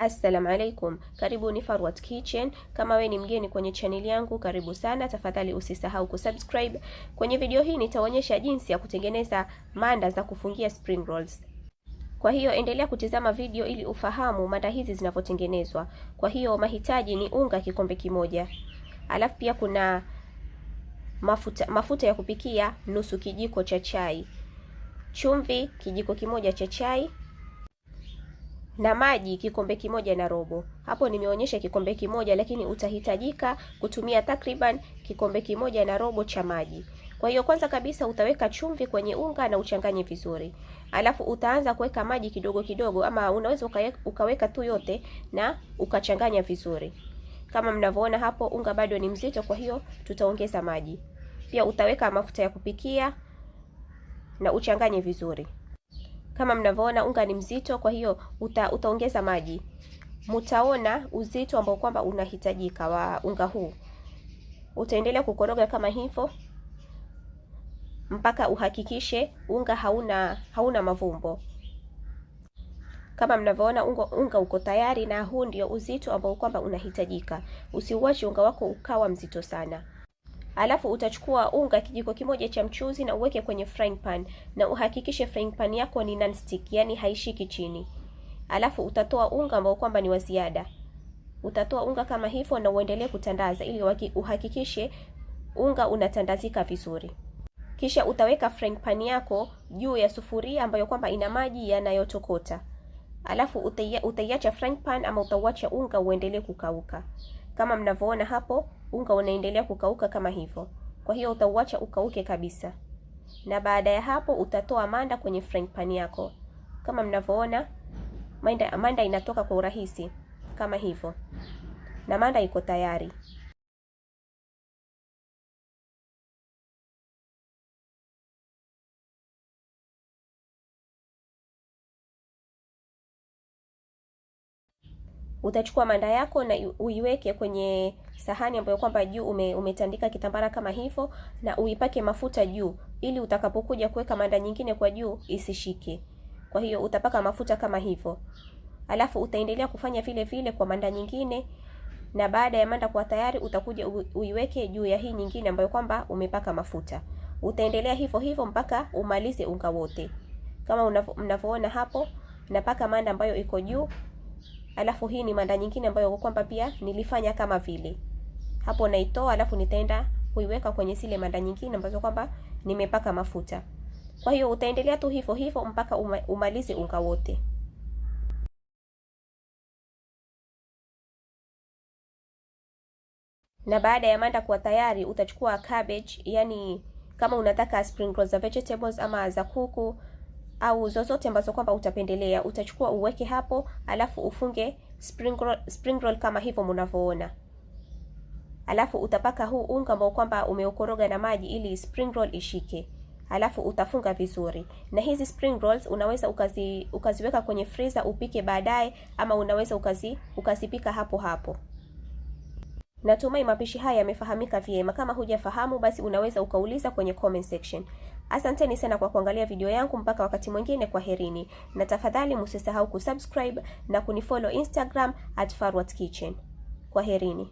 Assalamu alaikum, ni Farwat Kitchen. Kama we ni mgeni kwenye chaneli yangu, karibu sana. Tafadhali usisahau kusubscribe. Kwenye video hii nitaonyesha jinsi ya kutengeneza manda za kufungia spring rolls. Kwa hiyo endelea kutizama video ili ufahamu manda hizi zinavyotengenezwa. Kwa hiyo mahitaji ni unga kikombe kimoja, alafu pia kuna mafuta, mafuta ya kupikia nusu kijiko cha chai, chumvi kijiko kimoja cha chai na maji kikombe kimoja na robo. Hapo nimeonyesha kikombe kimoja, lakini utahitajika kutumia takriban kikombe kimoja na robo cha maji. Kwa hiyo kwanza kabisa utaweka chumvi kwenye unga na uchanganye vizuri, alafu utaanza kuweka maji kidogo kidogo, ama unaweza ukaweka, tu yote na ukachanganya vizuri. Kama mnavyoona hapo, unga bado ni mzito, kwa hiyo tutaongeza maji pia. Utaweka mafuta ya kupikia na uchanganye vizuri. Kama mnavyoona unga ni mzito, kwa hiyo uta, utaongeza maji, mtaona uzito ambao kwamba unahitajika wa unga huu. Utaendelea kukoroga kama hivyo mpaka uhakikishe unga hauna hauna mavumbo. Kama mnavyoona unga, unga uko tayari, na huu ndio uzito ambao kwamba unahitajika. Usiuache unga wako ukawa mzito sana. Alafu utachukua unga kijiko kimoja cha mchuzi na uweke kwenye frying pan, na uhakikishe frying pan yako ni non-stick, yani haishiki chini. Alafu utatoa unga ambao kwamba ni wa ziada, utatoa unga kama hivyo na uendelee kutandaza ili uhakikishe unga unatandazika vizuri. Kisha utaweka frying pan yako juu ya sufuria ambayo kwamba ina maji yanayotokota, alafu utaiacha frying pan ama utauacha unga uendelee kukauka. Kama mnavyoona hapo, unga unaendelea kukauka kama hivyo. Kwa hiyo utauacha ukauke kabisa, na baada ya hapo utatoa manda kwenye frying pan yako. Kama mnavyoona manda, manda inatoka kwa urahisi kama hivyo, na manda iko tayari. utachukua manda yako na uiweke kwenye sahani ambayo kwamba juu ume, umetandika kitambara kama hivyo, na uipake mafuta juu, ili utakapokuja kuweka manda nyingine kwa juu isishike. Kwa hiyo utapaka mafuta kama hivyo, alafu utaendelea kufanya vile vile kwa manda nyingine, na baada ya manda kuwa tayari utakuja uiweke juu ya hii nyingine ambayo kwamba umepaka mafuta. Utaendelea hivyo hivyo mpaka umalize unga wote, kama mnavyoona hapo napaka manda ambayo iko juu Alafu hii ni mada nyingine ambayo kwamba pia nilifanya kama vile hapo, naitoa alafu nitaenda kuiweka kwenye zile mada nyingine ambazo kwamba nimepaka mafuta. Kwa hiyo utaendelea tu hivyo hivyo mpaka umalize unga wote. Na baada ya manda kuwa tayari, utachukua cabbage, yani kama unataka spring rolls za vegetables ama za kuku au zozote ambazo kwamba utapendelea, utachukua uweke hapo, alafu ufunge spring roll, spring roll kama hivyo mnavyoona, alafu utapaka huu unga ambao kwamba umeukoroga na maji ili spring roll ishike alafu utafunga vizuri. Na hizi spring rolls unaweza ukazi, ukaziweka kwenye freezer upike baadaye, ama unaweza ukazi ukazipika hapo hapo. Natumai mapishi haya yamefahamika vyema. Kama hujafahamu, basi unaweza ukauliza kwenye comment section. Asanteni sana kwa kuangalia video yangu, mpaka wakati mwingine, kwaherini, na tafadhali msisahau kusubscribe na kunifollow Instagram at Farwat Kitchen. Kwaherini.